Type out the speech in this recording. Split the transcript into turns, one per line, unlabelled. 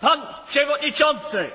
Pan Przewodniczący!